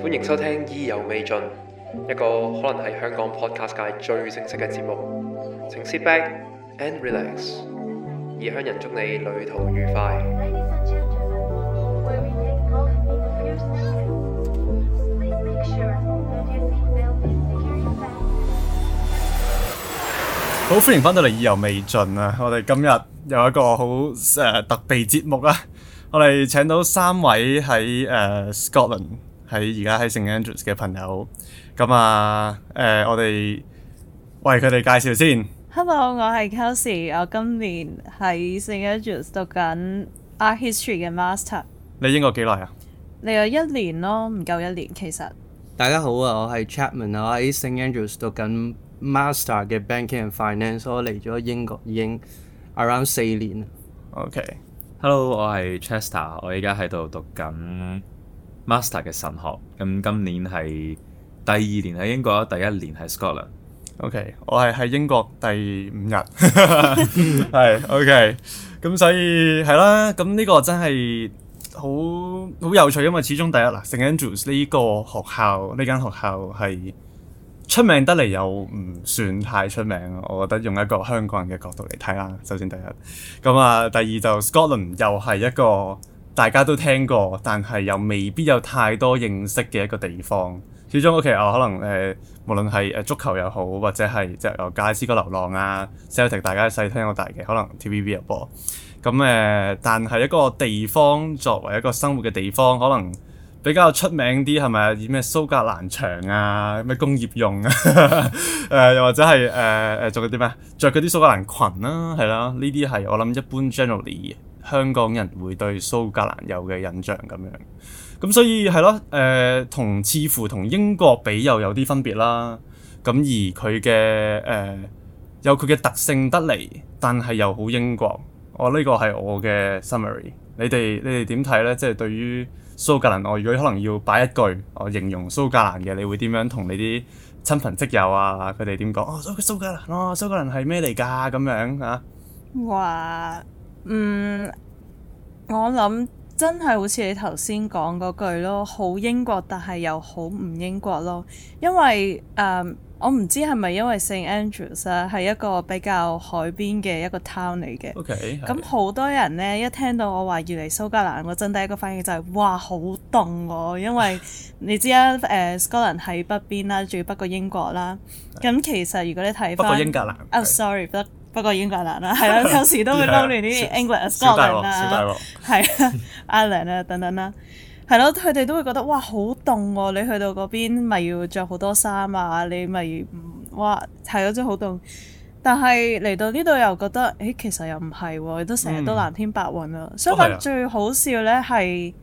歡迎收聽《意猶未盡》，一個可能係香港 podcast 界最正式嘅節目。請 sit back and relax。異鄉人祝你旅途愉快。好，歡迎翻到嚟《意猶未盡》啊！我哋今日有一個好特別節目啦，我哋請到三位喺誒、uh, Scotland。喺而家喺聖安德魯嘅朋友，咁啊，誒、呃，我哋為佢哋介紹先。Hello，我係 Cosy，e 我今年喺聖安德魯讀緊 Art History 嘅 Master。你英國幾耐啊？你有一年咯，唔夠一年其實。大家好啊，我係 Chapman 我喺聖安德魯讀緊 Master 嘅 Banking and Finance，我嚟咗英國已經 around 四年 OK，Hello，我係 Chester，我而家喺度讀緊。master 嘅神學，咁今年係第二年喺英國，第一年係 Scotland。OK，我係喺英國第五日，係 OK。咁所以係啦，咁呢個真係好好有趣，因為始終第一啊，St. Andrews 呢個學校呢間、這個、學校係出名得嚟又唔算太出名，我覺得用一個香港人嘅角度嚟睇啦，首先第一。咁啊，第二就 Scotland 又係一個。大家都聽過，但係又未必有太多認識嘅一個地方。始終，屋企可能誒、呃，無論係誒足球又好，或者係即係由《格拉斯哥流浪》啊、《City》，大家細聽到大嘅，可能 TVB 有播。咁、嗯、誒、呃，但係一個地方作為一個生活嘅地方，可能比較出名啲係咪？以咩蘇格蘭場啊，咩工業用啊？誒、 呃，又或者係誒誒，做嗰啲咩，著嗰啲蘇格蘭裙啦、啊，係啦。呢啲係我諗一般 generally。香港人會對蘇格蘭有嘅印象咁樣，咁所以係咯，誒同、呃、似乎同英國比又有啲分別啦。咁而佢嘅誒有佢嘅特性得嚟，但係又好英國。哦、我呢個係我嘅 summary。你哋你哋點睇咧？即係對於蘇格蘭，我如果可能要擺一句我形容蘇格蘭嘅，你會點樣同你啲親朋戚友啊？佢哋點講？哦，蘇格蘭，哦蘇格蘭係咩嚟㗎？咁樣嚇、啊、哇！嗯，我諗真係好似你頭先講嗰句咯，好英國但係又好唔英國咯。因為誒、嗯，我唔知係咪因為 St. Andrews 係一個比較海邊嘅一個 town 嚟嘅。OK，咁好多人呢，的一聽到我話要嚟蘇格蘭，我真第一個反應就係、是、哇好凍喎，因為你知 s 啦，誒蘇格蘭喺北邊啦，仲要北過英國啦。咁的其實如果你睇翻，英格蘭啊的，sorry 不過英國啊，蘭啦、啊，係啦，有時都會撈亂啲 England Scotland 啦，係啊 Ireland 啊等等啦、啊，係咯，佢哋都會覺得哇好凍喎！你去到嗰邊咪要着好多衫啊，你咪哇係咯，真係好凍。但係嚟到呢度又覺得，咦其實又唔係喎，都成日都藍天白雲啊。相反、嗯、最好笑咧係。哦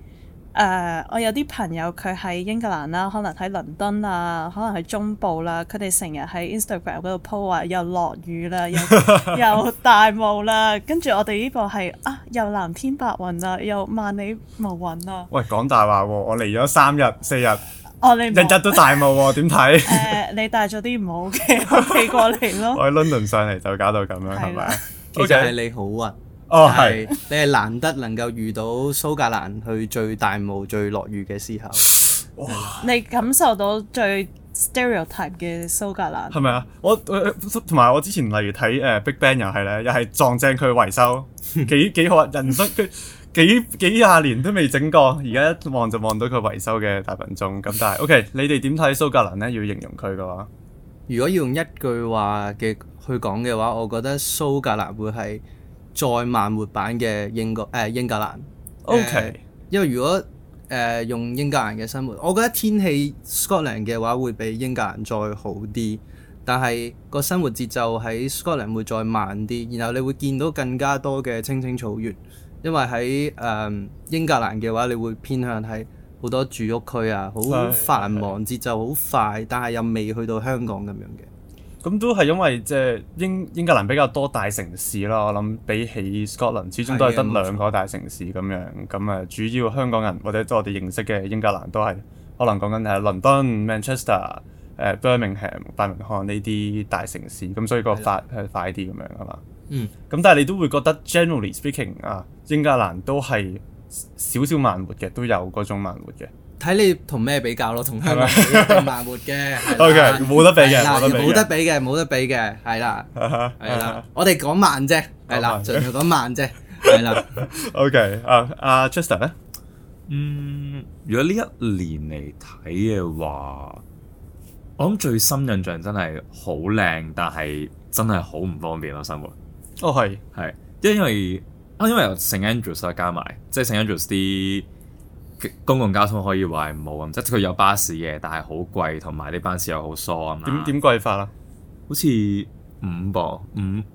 誒，uh, 我有啲朋友佢喺英格蘭啦，可能喺倫敦啊，可能喺中部啦，佢哋成日喺 Instagram 嗰度 po 啊，又落雨啦，又 又大霧啦，跟住我哋呢個係啊，又藍天白雲啦，又萬里無雲啦。喂，講大話喎！我嚟咗三日四日，哦、 啊，你日日都大霧喎？點睇？誒， uh, 你帶咗啲唔好嘅嘢過嚟咯。我喺倫敦上嚟就搞到咁樣係咪？其實係你好運。哦，係 你係難得能夠遇到蘇格蘭去最大霧、最落雨嘅時候，哇 你感受到最 stereotype 嘅蘇格蘭係咪啊？我同埋我，我之前例如睇誒、uh, Big Ben 又係咧，又係撞正佢維修， 幾幾好啊！人生佢幾幾廿年都未整過，而家一望就望到佢維修嘅大笨鐘。咁但係，OK，你哋點睇蘇格蘭咧？要形容佢嘅話， 如果要用一句話嘅去講嘅話，我覺得蘇格蘭會係。再慢活版嘅英國誒、啊、英格蘭，OK、呃。因為如果誒、呃、用英格蘭嘅生活，我覺得天氣 Scotland 嘅話會比英格蘭再好啲，但係個生活節奏喺 Scotland 會再慢啲，然後你會見到更加多嘅青青草原。因為喺誒、呃、英格蘭嘅話，你會偏向喺好多住屋區啊，好繁忙，Okay. 節奏好快，但係又未去到香港咁樣嘅。咁、嗯、都係因為即係、呃、英英格蘭比較多大城市啦，我諗比起 Scotland 始終都係得兩個大城市咁樣，咁誒錯、嗯、主要香港人或者都我哋認識嘅英格蘭都係可能講緊係倫敦、Manchester、誒、呃、Birmingham、伯明翰呢啲大城市，咁、嗯、所以個發係的快啲咁樣噶嘛。嗯。咁、嗯、但係你都會覺得 generally speaking 啊，英格蘭都係少少慢活嘅，都有嗰種慢活嘅。睇你同咩比較咯，同香港咁麻木嘅，係 啦，冇 Okay, 得比嘅，冇得比嘅，冇得比嘅，係 啦，係啦，我哋講慢啫，係啦、 okay. uh,，就係講慢啫，係啦。OK，阿阿 Chester 咧，嗯，如果呢一年嚟睇嘅話，我諗最深印象真係好靚，但係真係好唔方便咯、啊，生活。哦、oh, 是，係，係，因為啊，因為 St Andrews 啊加埋，即係 St Andrews 啲。公共交通可以話係冇啊，即係佢有巴士嘅，但係好貴，同埋啲巴士又好疏啊嘛。點點貴法啊？好似五磅，五。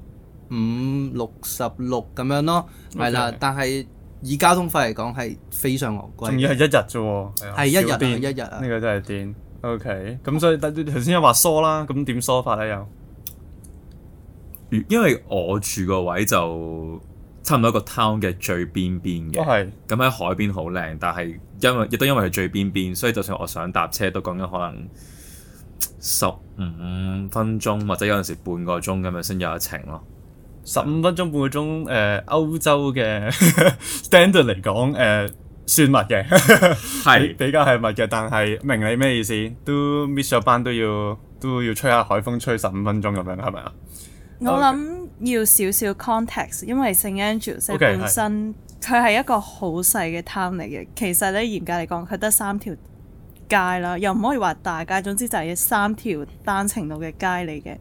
五六十六咁樣咯，係啦。但係以交通費嚟講係非常昂貴。仲要係一日啫喎，係、哎、呦一日便啊一日。呢個真係癲。OK，咁所以頭先、嗯、又話梳啦，咁點梳法咧又？因為我住個位就差唔多個 town 嘅最邊邊嘅，咁喺、哦嗯、海邊好靚，但係因為亦都因為係最邊邊，所以就算我想搭車都講緊可能十五分鐘或者有陣時半個鐘咁樣先有一程咯。十五分鐘半個鐘，誒、呃、歐洲嘅 standard 嚟講，誒、呃、算密嘅，係 是比較係密嘅。但係明你咩意思？都 miss 咗班都要都要吹下海風，吹十五分鐘咁樣係咪啊？我諗要少少 context，因為聖安德魯斯本身佢係、okay, 是一個好細嘅 town 嚟嘅。其實咧嚴格嚟講，佢得三條街啦，又唔可以話大街。總之就係三條單程路嘅街嚟嘅。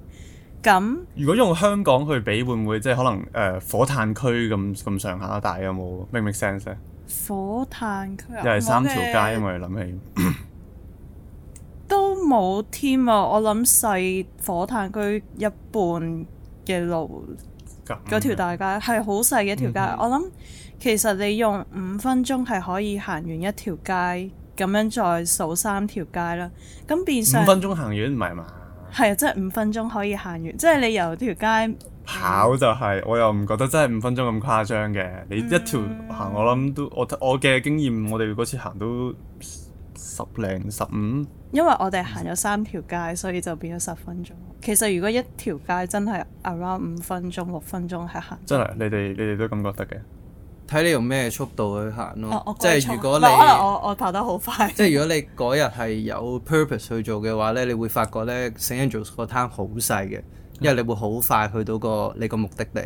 咁如果用香港去比，會唔會即係可能誒火炭區咁咁上下？但有冇 make sense 咧？火炭區啊，有有 make make 區又係三條街，Okay. 因為諗起 都冇添啊！我諗細火炭區一半嘅路，嗰 Okay. 條大街係好細嘅一條街。Mm hmm. 我諗其實你用五分鐘係可以行完一條街，咁樣再數三條街啦。咁變成五分鐘行完唔係嘛？係啊，即係五分鐘可以行完，即係你由條街跑就係、是，我又唔覺得真係五分鐘咁誇張嘅。你一條行，嗯、我諗都我我嘅經驗，我哋嗰次行都十零十五。因為我哋行咗三條街，嗯、所以就變咗十分鐘。其實如果一條街真係 around 五分鐘、六分鐘係行，真係你哋你哋都咁覺得嘅。睇你用咩速度去行咯，哦、即係如果你，我我跑得好快。即係如果你嗰日係有 purpose 去做嘅話咧，你會發覺咧 s a n t Andrew 嗰攤好細嘅，因為你會好快去到個你個目的地，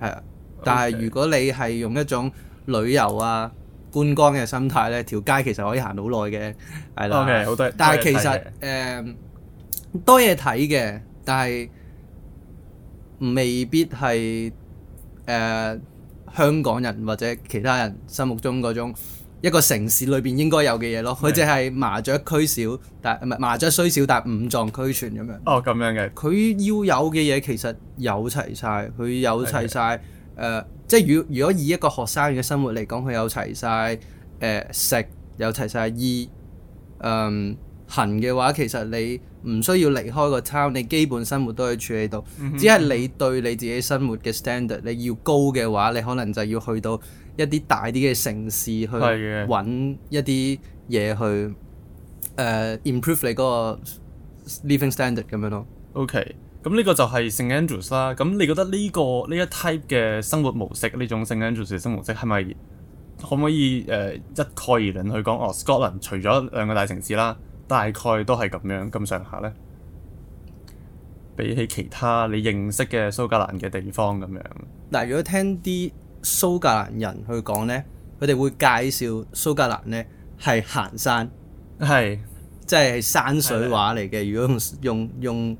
係啊。Okay. 但係如果你係用一種旅遊啊、觀光嘅心態咧，條街其實可以行好耐嘅，係啦。o、okay，好多，但係其實誒多嘢睇嘅，但係未必係誒。呃香港人或者其他人心目中嗰種一個城市裏邊應該有嘅嘢咯，佢只係麻雀居少，但唔係麻雀雖少，但五臟俱全咁樣。哦，咁樣嘅，佢要有嘅嘢其實有齊晒。佢有齊晒。誒的、呃，即係如如果以一個學生嘅生活嚟講，佢有齊晒誒食，有齊晒衣，嗯行嘅話，其實你。唔需要離開個 town，你基本生活都可以處理到。嗯、哼只係你對你自己生活嘅 standard，你要高嘅話，你可能就要去到一啲大啲嘅城市去揾一啲嘢去的、uh, improve 你嗰個 living standard 咁樣咯。OK，咁呢個就係 angels 啦。咁你覺得呢、這個呢一 type 嘅生活模式，呢種 angels 嘅生活模式係咪可唔可以誒、uh, 一概而論去講？哦，Scotland 除咗兩個大城市啦。大概都係咁樣咁上下咧，比起其他你認識嘅蘇格蘭嘅地方咁樣。但如果聽啲蘇格蘭人去講咧，佢哋會介紹蘇格蘭咧係行山，係是即係山水畫嚟嘅。的如果用用用，用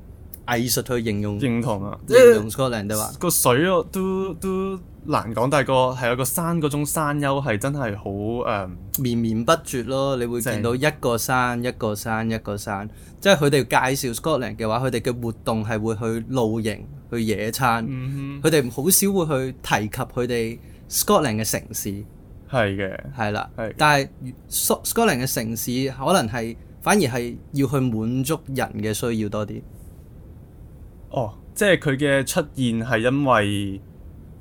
藝術去形容，認同啊。形容 Scotland 嘅話，個、欸、水、啊、都都難講，但係個係個山嗰種山丘係真係好誒，嗯、綿綿不絕咯。你會見到一個山正一個山一個山，即係佢哋介紹 Scotland 嘅話，佢哋嘅活動係會去露營去野餐。佢哋好少會去提及佢哋 Scotland 嘅城市，係嘅，係啦。係，但係 Scotland 嘅城市可能係反而係要去滿足人嘅需要多啲。哦、oh，即係佢嘅出現係因為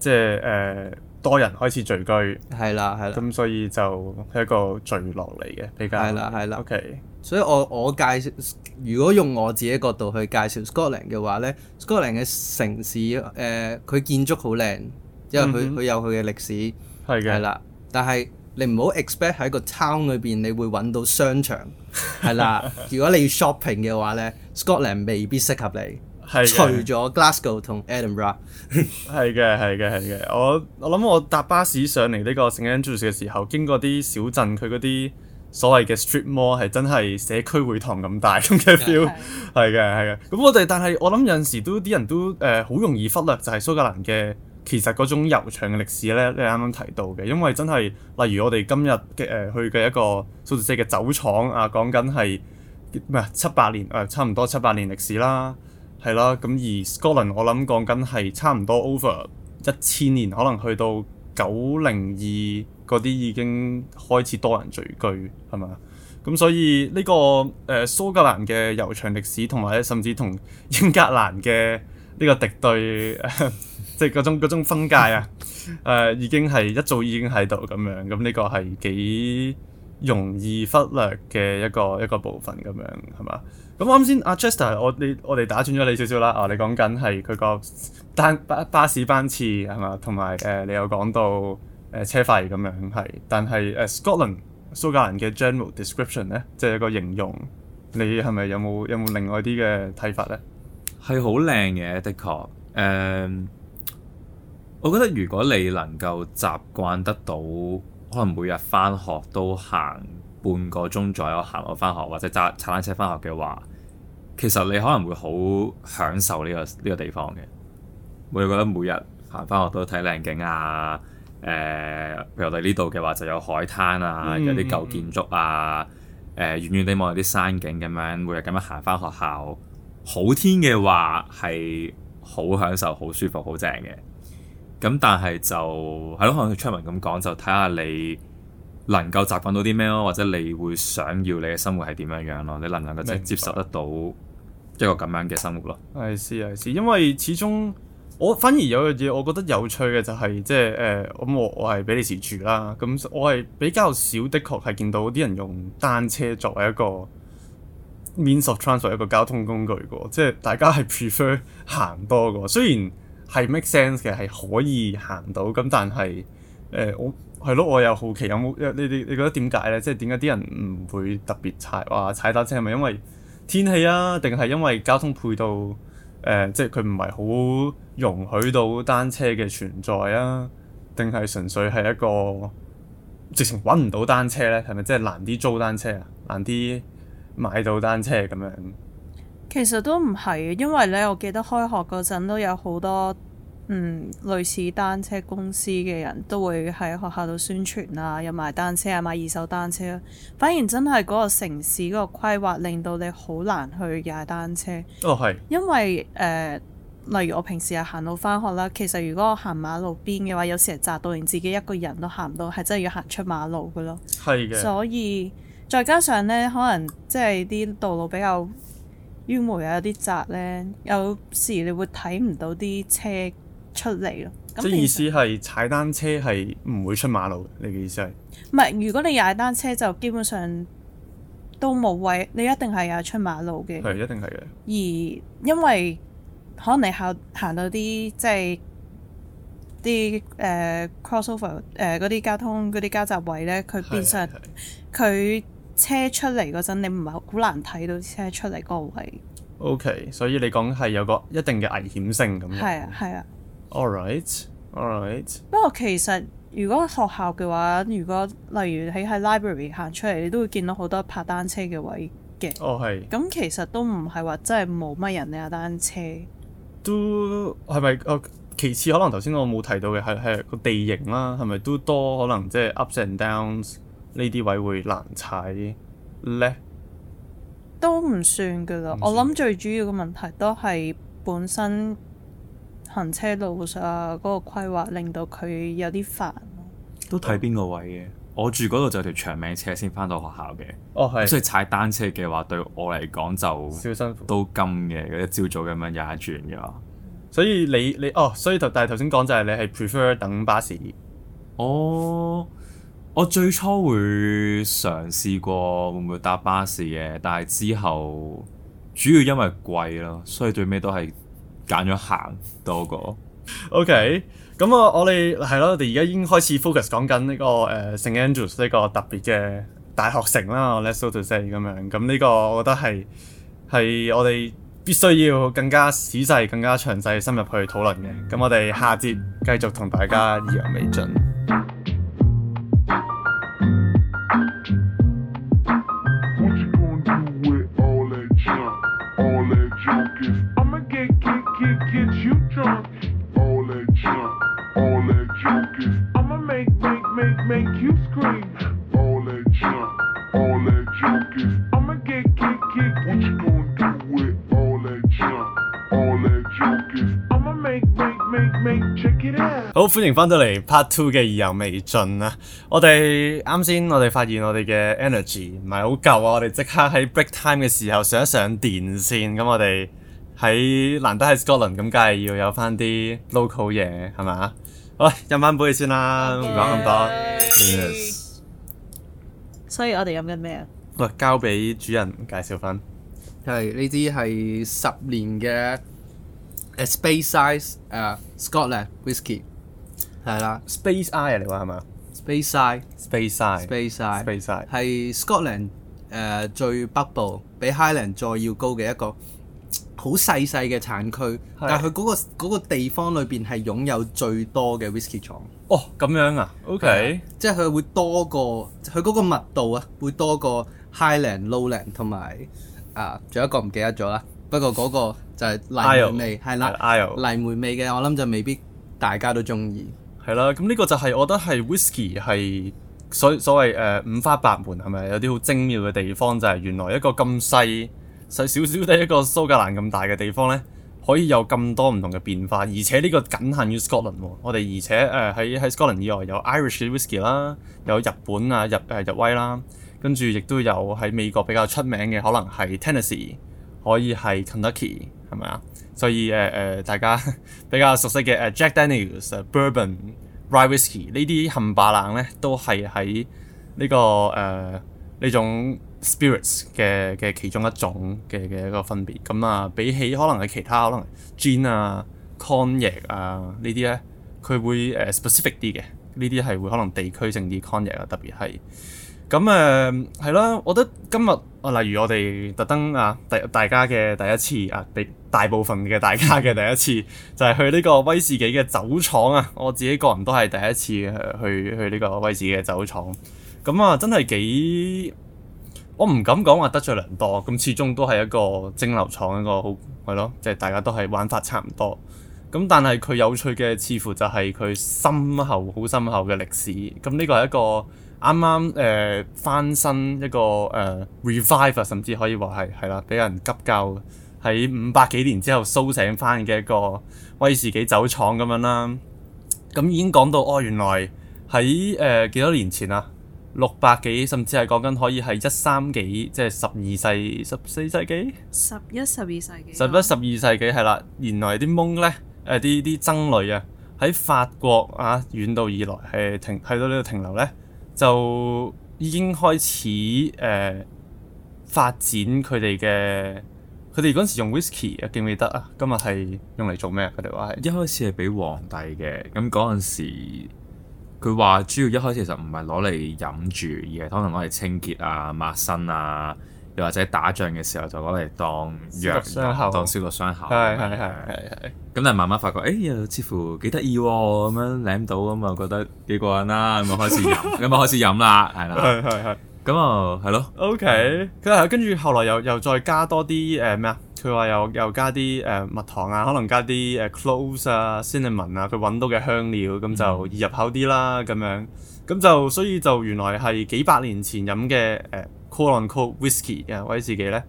即係誒多人開始聚居，係啦係啦，咁所以就係一個聚落嚟嘅比較，係啦係啦。OK，所以我我介紹，如果用我自己角度去介紹 Scotland 嘅話咧，Scotland 嘅城市誒，佢、呃、建築好靚，因為佢佢、嗯、哼有佢嘅歷史，係嘅的。係啦，但係你唔好 expect 喺個 town 裏邊，你會揾到商場，係啦。 如果你要 shopping 嘅話咧，Scotland 未必適合你。係，除咗 Glasgow 同 Edinburgh，係嘅，係 嘅，係嘅。我我諗我搭巴士上嚟呢個 St. Andrews 嘅時候，經過啲小鎮，佢嗰啲所謂嘅 street mall 係真係社區會堂咁大咁嘅 feel。係嘅的，係嘅。咁我哋但係我諗有陣時都啲人都誒好、呃、容易忽略就蘇，就係蘇格蘭嘅其實嗰種悠長嘅歷史咧。你啱啱提到嘅，因為真係例如我哋今日嘅誒、呃、去嘅一個 Scotch 嘅酒廠啊，講緊係唔係七八年誒、呃，差唔多七八年歷史啦。係啦，咁而 s c o l 蘇格蘭我諗講緊係差唔多 over 一千年，可能去到九零二嗰啲已經開始多人聚居係嘛？咁所以呢、這個誒、呃、蘇格蘭嘅悠長歷史，同埋甚至同英格蘭嘅呢個敵對，即係嗰種分界啊，誒、 呃、已經係一早已經喺度咁樣，咁呢個係幾容易忽略嘅一個一個部分咁樣係嘛？咁啱先啊，Chester，我你我哋打轉咗你少少啦啊，你講緊係佢個單巴巴士班次係嘛？同埋誒你有講到誒、呃、車費咁樣係，但係誒、呃、Scotland 蘇格蘭嘅 general description 咧，即係一個形容，你係咪有冇有冇另外啲嘅睇法咧？係好靚嘅，的確誒，um, 我覺得如果你能夠習慣得到。可能每日翻學都行半個鐘左右行落翻學，或者揸踩單車翻學嘅話，其實你可能會好享受呢個呢個地方嘅。會覺得每日行翻學都睇靚景啊，誒、呃，譬如我哋呢度嘅話就有海灘啊，嗯、有啲舊建築啊，誒、呃，遠遠地望有啲山景咁樣，每日咁樣行翻學校，好天嘅話係好享受、好舒服、好正嘅。咁但係就係咯，可能佢 Chapmann 咁講，就睇下你能夠習慣到啲咩咯，或者你會想要你嘅生活係點樣樣咯？你能唔能夠接接受得到一個咁樣嘅生活咯？係試係試，因為始終我反而有樣嘢我覺得有趣嘅就係即係誒咁我我係比利時住啦，咁我係比較少的確係見到啲人用單車作為一個 means of transport 一個交通工具嘅，即係大家係 prefer 行多嘅，雖然。係 make sense 嘅，係可以行到。咁但係誒、呃，我係咯，我又好奇咁有冇，你你你覺得點解咧？即係點解啲人唔會特別踩話踩單車？係咪因為天氣啊？定係因為交通配套誒？即係佢唔係好容許到單車嘅存在啊？定係純粹係一個直情揾唔到單車咧？係咪即係難啲租單車啊？難啲買到單車咁樣？其實都唔係，因為咧，我記得開學嗰陣都有好多嗯類似單車公司嘅人都會喺學校度宣傳啊，有賣單車啊，賣二手單車。反而真係嗰個城市嗰個規劃令到你好難去踩單車。哦，係。因為誒、呃，例如我平時係行路返學啦，其實如果我行馬路邊嘅話，有時係窄到連自己一個人都行唔到，係真係要行出馬路㗎咯。係嘅的。所以再加上咧，可能即係啲道路比較，羽毛又有啲窄呢，有時你會睇唔到啲車出嚟咯。即意思係踩單車係唔會出馬路，你嘅意思係？唔係，如果你踩單車就基本上都冇位，你一定係有出馬路嘅。係一定係嘅。而因為可能你行行到啲即係啲、即係呃、crossover 嗰、呃、啲交通嗰啲交集位呢，佢變相佢。係係係車出嚟嗰陣，你唔係好難睇到車出嚟個位。OK，所以你講係有個一定嘅危險性咁樣。係啊，係啊。All right, all right。不過其實如果學校嘅話，如果例如喺喺 library 行出嚟，你都會見到好多拍單車嘅位嘅。哦，係。咁其實都唔係話真係冇乜人你踩單車。都係咪？哦，其次可能頭先我冇提到嘅係係個地形啦，係咪都多可能即係 ups and downs。呢啲位會難踩咧？都唔算㗎喇。我諗最主要嘅問題都係本身行車路上、啊、嗰、嗰個規劃令到佢有啲煩。都睇邊個位嘅。哦、我住嗰度就有條長命車先返到學校嘅。哦，係。所以踩單車嘅話，對我嚟講就少辛苦。都咁嘅，一朝早咁樣廿轉嘅話。所以你你哦，所以頭但係頭先講就係你係 prefer 等巴士。哦。我最初會嘗試過會唔會搭巴士嘅，但係之後主要因為貴咯，所以最尾都係揀咗行多過。OK，咁啊，我哋係咯，我哋而家已經開始 focus 講緊呢個、呃、St. Andrews 呢個特別嘅大學城啦。Let's go to say 咁樣，咁呢個我覺得係係我哋必須要更加仔細、更加詳細深入去討論嘅。咁我哋下節繼續同大家意猶未盡。歡迎翻到嚟 Part Two 嘅意猶未盡 energy，啊！我哋啱先，我哋發現我哋嘅 energy 唔係好夠啊！我哋即刻喺 break time 嘅時候上一上電先。咁我哋喺難得喺 Scotland，咁梗係要有翻啲 local 嘢係咪？好，飲翻杯先啦，唔講咁多。Yay. Guin ness. 所以我，我哋飲緊咩啊？喂，交俾主人介紹翻。係呢啲係十年嘅 Speyside、uh, Scotland Whisky。係啦，Speyside 嚟㗎係嘛？Speyside，Speyside，Speyside，Speyside 係 Scotland 誒最北部，比 Highland 再要高嘅一個好細細嘅產區。但係佢嗰個嗰個地方裏邊係擁有最多嘅 whisky 廠。哦，咁樣啊？OK，即係佢會多過佢嗰個密度啊，會多過 Highland、Lowland 同埋啊，仲有一個唔記得咗啦。不過嗰個就係泥煤味，係啦，泥煤味嘅我諗就未必大家都鍾意。係啦，咁呢個就係我覺得係 whisky 係所所謂誒、呃、五花八門，係咪有啲好精妙嘅地方？就係、是、原來一個咁細細小小嘅一個蘇格蘭咁大嘅地方咧，可以有咁多唔同嘅變化，而且呢個僅限於 Scotland。我哋而且誒喺喺 Scotland 以外有 Irish whisky 啦，有日本啊日誒日威啦，跟住亦都有喺美國比較出名嘅可能係 Tennessee，可以係 Kentucky，係咪啊？所以誒誒、uh, 呃，大家比較熟悉嘅誒、uh, Jack Daniels、uh,、Bourbon、Rye Whisky 呢啲冚巴冷咧，都係喺呢個誒呢、uh, 種 spirits 嘅嘅其中一種嘅嘅一個分別咁啊。比起可能係其他可能 Gin 啊、Corny 啊呢啲咧，佢會誒、uh, specific 啲嘅呢啲係會可能地區性啲 Corny 啊，特別係咁誒係啦。我覺得今日啊，例如我哋特登啊，第大家嘅第一次啊，第。大部分嘅大家嘅第一次就係、是，去呢個威士忌嘅酒廠啊！我自己個人都係第一次去去呢個威士忌嘅酒廠，咁啊真係幾我唔敢講話得罪良多，咁始終都係一個蒸餾廠一個好係咯，即、就、係、是、大家都係玩法差唔多，咁但係佢有趣嘅似乎就係佢深厚好深厚嘅歷史，咁呢個係一個啱啱誒翻新一個誒 revive 啊，呃、Rev ive, 甚至可以話係係啦，俾人急救。喺五百幾年之後甦醒翻嘅一個威士忌酒廠咁樣啦，咁已經講到哦，原來喺誒幾多年前啊，六百幾甚至係講緊可以係一三幾，即係十二世、十四世紀，十一、十二世紀。十一、十二世紀係啦、啊，原來啲蒙咧誒啲啲僧侶啊，喺、呃、法國啊、呃、遠道而來，係停喺到呢度停留咧，就已經開始誒、呃、發展佢哋嘅。佢哋嗰時用 Whisky e 啊，記唔記得啊？今日係用嚟做咩？佢哋話係一開始係俾皇帝嘅，咁嗰陣時佢話主要一開始就唔係攞嚟飲住，而係可能攞嚟清潔啊、抹身啊，又或者打仗嘅時候就攞嚟當藥，whis 當消落傷口。係係係係係。咁 Yes. Yes. 但係慢慢發覺，誒又、欸、似乎幾得意喎，咁樣舐到咁啊，覺得幾過癮啦，咁啊開始飲，咁啊 開始飲啦，係啦。係係係。咁啊，係咯，OK，佢係跟住，後來又又再加多啲誒咩啊？佢、呃、話又又加啲誒蜜糖啊，可能加啲誒、呃、cloves 啊、cinnamon 啊，佢揾到嘅香料，咁、嗯、就易入口啲啦，咁樣，咁就所以就原來係幾百年前飲嘅誒 c、呃、o l o n c o l d whisky 嘅威士忌咧，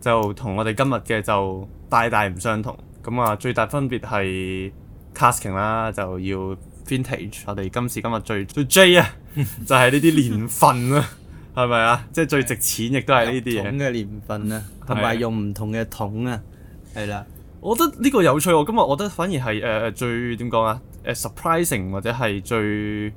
就同我哋今日嘅就大大唔相同。咁啊，最大分別係 casking 啦，就要 vintage。我哋今時今日最最 J 啊，就係呢啲年份啊。 係咪啊？即係最值錢，亦都係呢啲咁嘅年份啊，同埋用唔同嘅桶啊，係啦。我覺得呢個有趣。我今日我覺得反而係誒誒最點講、呃呃、啊？誒 surprising 或者係最誒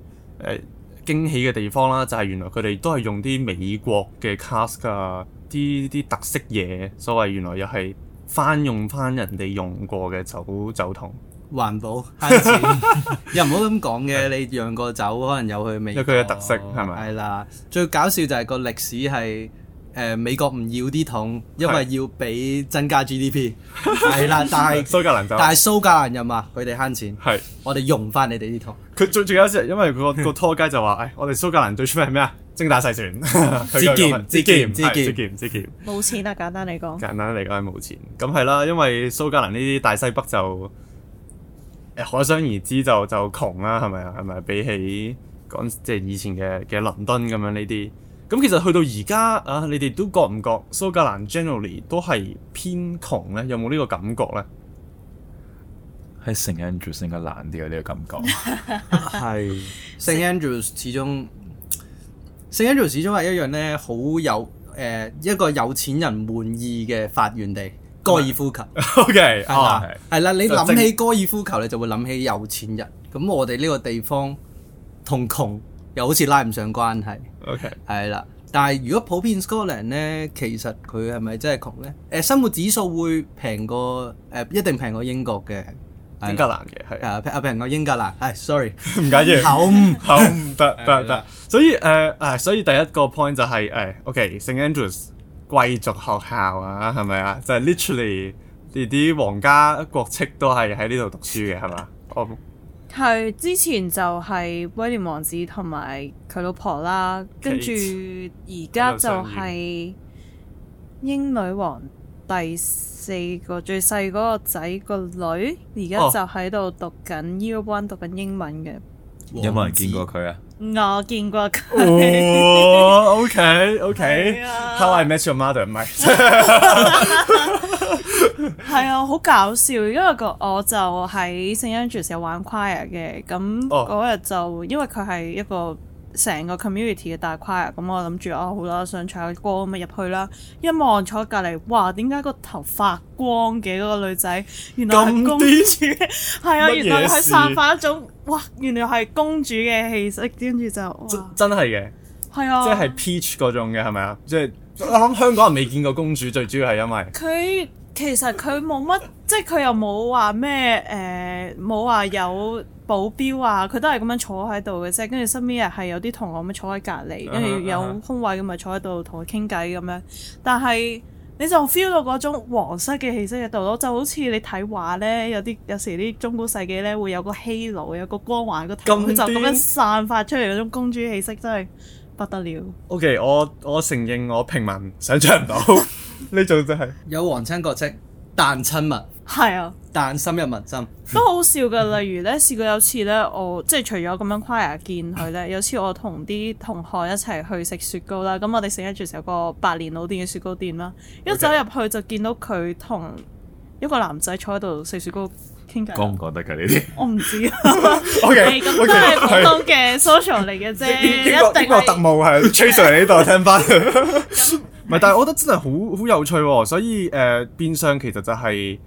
驚喜嘅地方啦，就係、是、原來佢哋都係用啲美國嘅 cask 啊，啲啲特色嘢，所謂原來又係翻用翻人哋用過嘅酒酒桶。環保慳錢，又唔好咁講嘅。你釀個酒可能有佢美佢嘅特色係咪？係啦，最搞笑就係個歷史係誒美國唔要啲桶，因為要俾增加 GDP 係啦。但係蘇格蘭人，但係蘇格蘭人嘛，佢哋慳錢，係我哋用翻你哋啲桶。佢最最搞笑，因為佢個個拖街就話：誒，我哋蘇格蘭最出名係咩啊？精打細算，節儉節儉節儉節儉冇錢啊！簡單嚟講，簡單嚟講係冇錢。咁係啦，因為蘇格蘭呢啲大西北就。可想而知就就窮啦，係咪啊？係咪比起講即係以前嘅嘅倫敦咁樣呢啲？咁其實去到而家啊，你哋都覺唔覺蘇格蘭 generally 都係偏窮咧？有冇呢個感覺咧？係 St. Andrews 更加難啲啊！呢 個樂感覺係 St. Andrews 始終，St. 聖 Andrews 始終係一樣咧，好有誒、呃、一個有錢人滿意嘅發源地。高爾夫球，OK，係啦，你諗起高爾夫球，你就會諗起有錢人。咁我哋呢個地方同窮又好似拉唔上關係，OK，係啦。但係如果普遍 score 量咧，其實佢係咪真係窮咧？誒，生活指數會平過誒，一定平過英國嘅英格蘭嘅係，誒平過英格蘭係。Sorry，唔介意。口得得得。所以誒誒，所以第一個 point 就係誒，OK，St. Andrews。貴族學校啊，係咪啊？就係、是、literally 啲啲皇家國戚都係喺呢度讀書嘅，係嘛？哦、oh.，係之前就係威廉王子同埋佢老婆啦，跟住而家就係英女王第四個最細嗰個仔個女，而家就喺度讀緊 Year One，讀緊英文嘅。哦、有冇人見過佢啊？我見過佢。哇，OK，OK。How I met your mother，唔係。係啊，好搞笑，因為個我就喺聖安爵士玩 choir 嘅，咁嗰日就因為佢係一個。成個 community 嘅大跨越，嗯，咁我諗住啊好啦，想唱歌咁咪入去啦。一望坐隔離，哇！點解個頭髮光嘅嗰、嗰個女仔，原來係公主。係 啊，原來佢散發一種哇，原來係公主嘅氣息，跟住就真真係嘅，係啊，即係 peach 嗰種嘅係咪啊？即係、就是、我諗香港人未見過公主， 最主要係因為佢。其實佢冇乜，即係佢又冇話咩誒，冇、呃、話有保鏢啊！佢都係咁樣坐喺度嘅啫。跟住身邊又係有啲同學咁樣坐喺隔離，跟住、uh huh, uh huh. 有空位咁咪坐喺度同佢傾偈咁樣。但係你就 feel 到嗰種皇室嘅氣息喺度咯，就好似你睇畫咧，有啲有時啲中古世紀咧會有個 halo，有個光環個頭，就咁樣散發出嚟嗰種公主氣息，真係不得了。O、okay, K，我我承認我平民想像唔到.。 呢種就係有皇親國戚，但親民，係是啊，但深入民心都好笑嘅。例如咧，試過有次咧，即我即係除咗咁樣誇爺見佢咧，有次我同啲同學一齊去食雪糕啦。咁我哋食住仲有個百年老店嘅雪糕店啦。一走入去就見到佢同一個男仔坐喺度食雪糕。覺唔覺得㗎呢啲？我唔知啊。O K，都係普通嘅 social 嚟嘅啫。 一呢定個是 特務係吹 r 嚟呢度聽翻。唔係，但係我覺得真係好好有趣喎、哦。所以誒，變、呃、相其實就係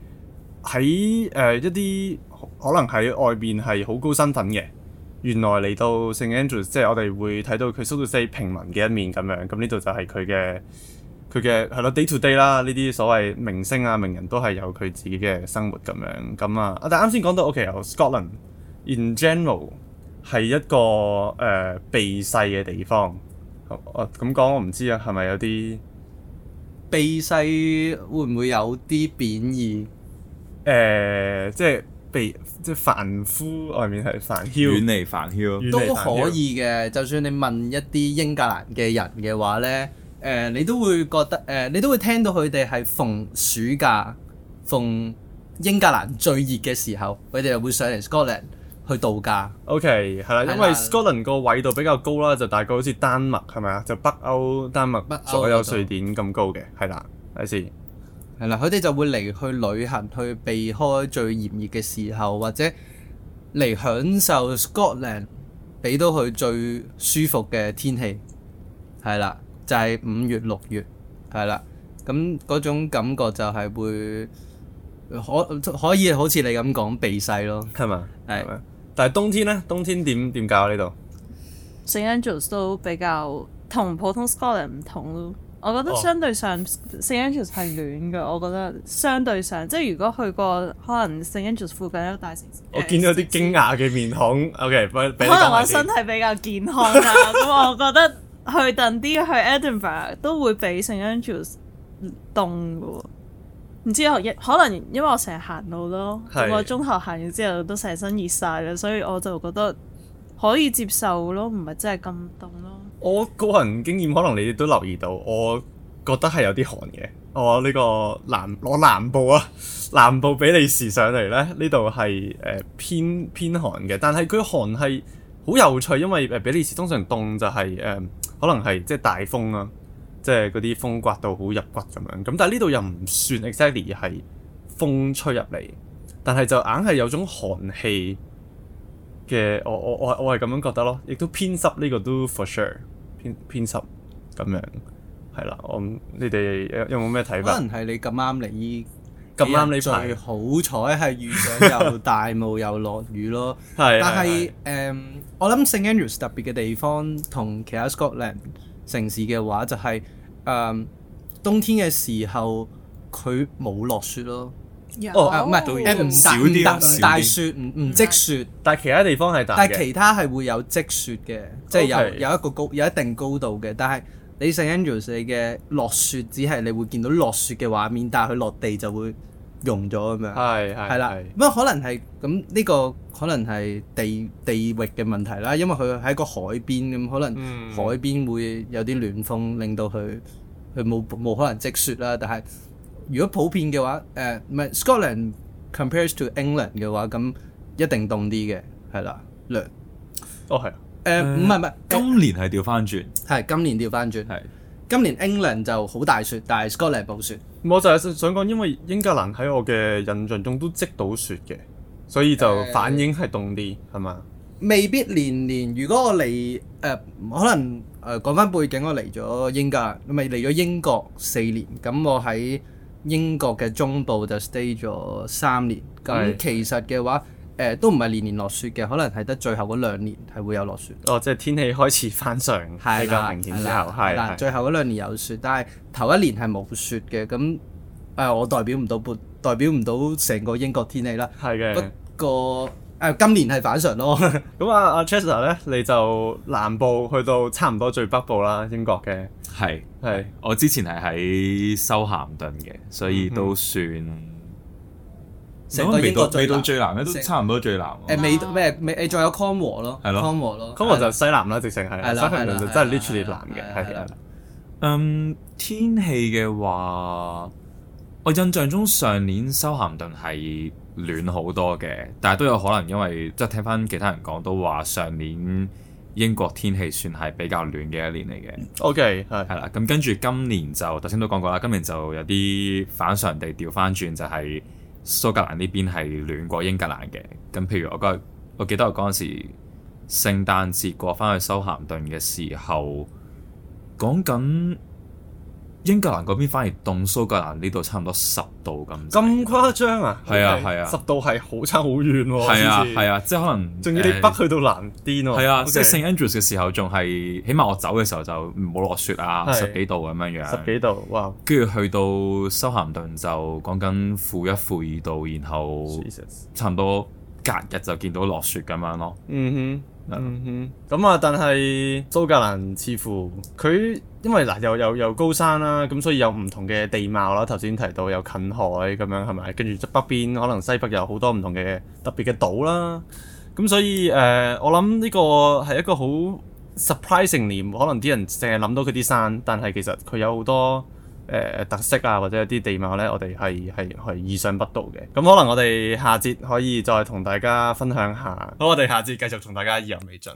喺誒一啲可能喺外邊係好高身份嘅，原來嚟到 St. Andrew，即係我哋會睇到佢 socially 平民嘅一面咁樣。咁呢度就係佢嘅。佢嘅係咯，day to day 啦，呢啲所謂明星啊、名人都係有佢自己嘅生活咁樣咁啊！但啱先講到、OK，我其實 Scotland in general 係一個誒、呃、避世嘅地方。哦、呃，咁講我唔知啊，係咪有啲避世會唔會有啲貶義？誒、呃，即係避即係凡夫外面係繁囂，遠離繁囂，離繁囂都可以嘅。就算你問一啲英格蘭嘅人嘅話咧。誒、呃、你都會覺得誒、呃、你都會聽到佢哋係逢暑假逢英格蘭最熱嘅時候，佢哋就會上嚟 Scotland 去度假。OK 係啦，係啦，因為 Scotland 個緯度比較高啦，就大概好似丹麥係咪啊？就北歐丹麥、所有瑞典咁高嘅係啦。睇先係啦，佢哋就會嚟去旅行，去避開最炎熱嘅時候，或者嚟享受 Scotland 俾到佢最舒服嘅天氣係啦。就係五月六月，係啦，咁嗰種感覺就係會可可以好似你咁講避世咯，係嘛？係。但係冬天咧，冬天點點搞呢、啊、度 St. Andrews 都比較同普通 Scotland 唔同咯。我覺得相對上 St. Andrews 係暖嘅。我覺得相對上，即係如果去過可能 St. Andrews 附近嘅大城市，我見到啲驚訝嘅面孔。OK，可能我身體比較健康啦。咁 我覺得。去 د 啲去 Edinburgh 都會比聖安德 e 斯 s 凍喎，唔知可能因為我成日行路咯，是我中鐘行完之後都成身熱晒啦，所以我就覺得可以接受咯，唔係真係咁凍咯。我個人經驗可能你都留意到，我覺得係有啲寒嘅。我呢個南攞南部啊，南部比利時上嚟咧，呢度係誒偏偏寒嘅，但係佢寒係。好有趣，因為比利時通常凍就係、是、誒、呃、可能係即係大風啦，即係嗰啲風刮到好入骨咁樣。咁但係呢度又唔算 exactly 係風吹入嚟，但係就硬係有種寒氣嘅，我我我我係咁樣覺得咯。亦都偏濕呢個都 for sure 偏偏濕咁樣係啦。我你哋有冇咩睇法？可能係你咁啱嚟。咁啱你仲要好彩，係遇上大又大霧又落雨咯。係、就是，但係誒、呃，我諗 St Andrews 特別嘅地方同其他 Scotland 城市嘅話，就係誒冬天嘅時候佢冇落雪咯。哦，唔係、啊，誒唔大雪，唔唔積雪。但係其他地方係大嘅。但係其他係會有積雪嘅，即係有有一個高有一定高度嘅，但係。S, 你成 Angus 你嘅落雪只係你會見到落雪嘅畫面，但係佢落地就會溶咗咁樣。係係係啦。咁是、嗯、可能係咁呢個可能係地地域嘅問題啦，因為佢喺個海邊咁，可能海邊會有啲暖風、嗯、令到佢佢冇冇可能積雪啦。但係如果普遍嘅話，誒唔係 Scotland compares to England 嘅話，咁一定凍啲嘅係啦，涼。哦係。誒唔係唔係，今年係調翻轉，係是今年調翻轉，係今年 England 就好大雪，但係 Scotland 係暴雪。我就係想講，因為英格蘭喺我嘅印象中都積到雪嘅，所以就反應係凍啲，係嘛、呃？吧未必年年。如果我嚟誒、呃，可能誒、呃、講翻背景，我嚟咗英格蘭，唔係嚟咗英國四年，咁我喺英國嘅中部就 stay 咗三年。咁其實嘅話。誒、呃、都唔係年年落雪嘅，可能係得最後嗰兩年係會有落雪。哦，即、就、係、是、天氣開始反常，比較的明顯之後，係啦，最後嗰兩年有雪，但係頭一年係冇雪嘅。咁誒、呃，我代表唔到撥，代表唔到成個英國天氣啦。係嘅的，不過誒、呃、今年係反常咯。咁 啊，阿、啊、Chester 咧，你就南部去到差唔多最北部啦，英國嘅。係係是，我之前係喺修咸頓嘅，所以都算。 成個英國未到最南咧，都差唔多最南誒。未咩？未誒，再有康和咯，康和咯，康和就西南啦，直情係。係啦，係啦，係啦。真係 literally 最南嘅係係。嗯，天氣嘅話，我印象中上年修咸頓係暖好多嘅，但係都有可能因為即係聽翻其他人講都話上年英國天氣算係比較暖嘅一年嚟嘅。O K 係係啦。咁跟住今年就頭先都講過啦，今年就有啲反常地調翻轉，就係。蘇格蘭呢邊係暖過英格蘭嘅，咁譬如我個，我記得我嗰陣時聖誕節過返去修咸頓嘅時候講緊。英格蘭嗰邊反而凍，蘇格蘭呢度差唔多十度咁。咁誇張啊？係啊係啊，十度係好差好遠喎。係啊係啊，啊啊即係可能。仲要你北去到南端喎。係啊，即係 St. Andrews 嘅時候仲係，起碼我走嘅時候就唔好落雪啊，是十幾度咁樣樣。十幾度，哇！跟住去到修咸頓就講緊負一負二度，然後差唔多隔日就見到落雪咁樣咯、啊。嗯哼。嗯哼，咁啊、mm hmm.，但係蘇格蘭似乎佢因為嗱又又又高山啦，咁所以有唔同嘅地貌啦。頭先提到有近海咁樣係咪？跟住北邊可能西北有好多唔同嘅特別嘅島啦。咁所以誒、呃，我諗呢個係一個好 surprising 嘅點，可能啲人淨係諗到佢啲山，但係其實佢有好多。誒、呃、特色啊，或者有啲地貌呢、啊，我哋係係係意想不到嘅。咁可能我哋下節可以再同大家分享下。好，我哋下節繼續同大家意猶未盡。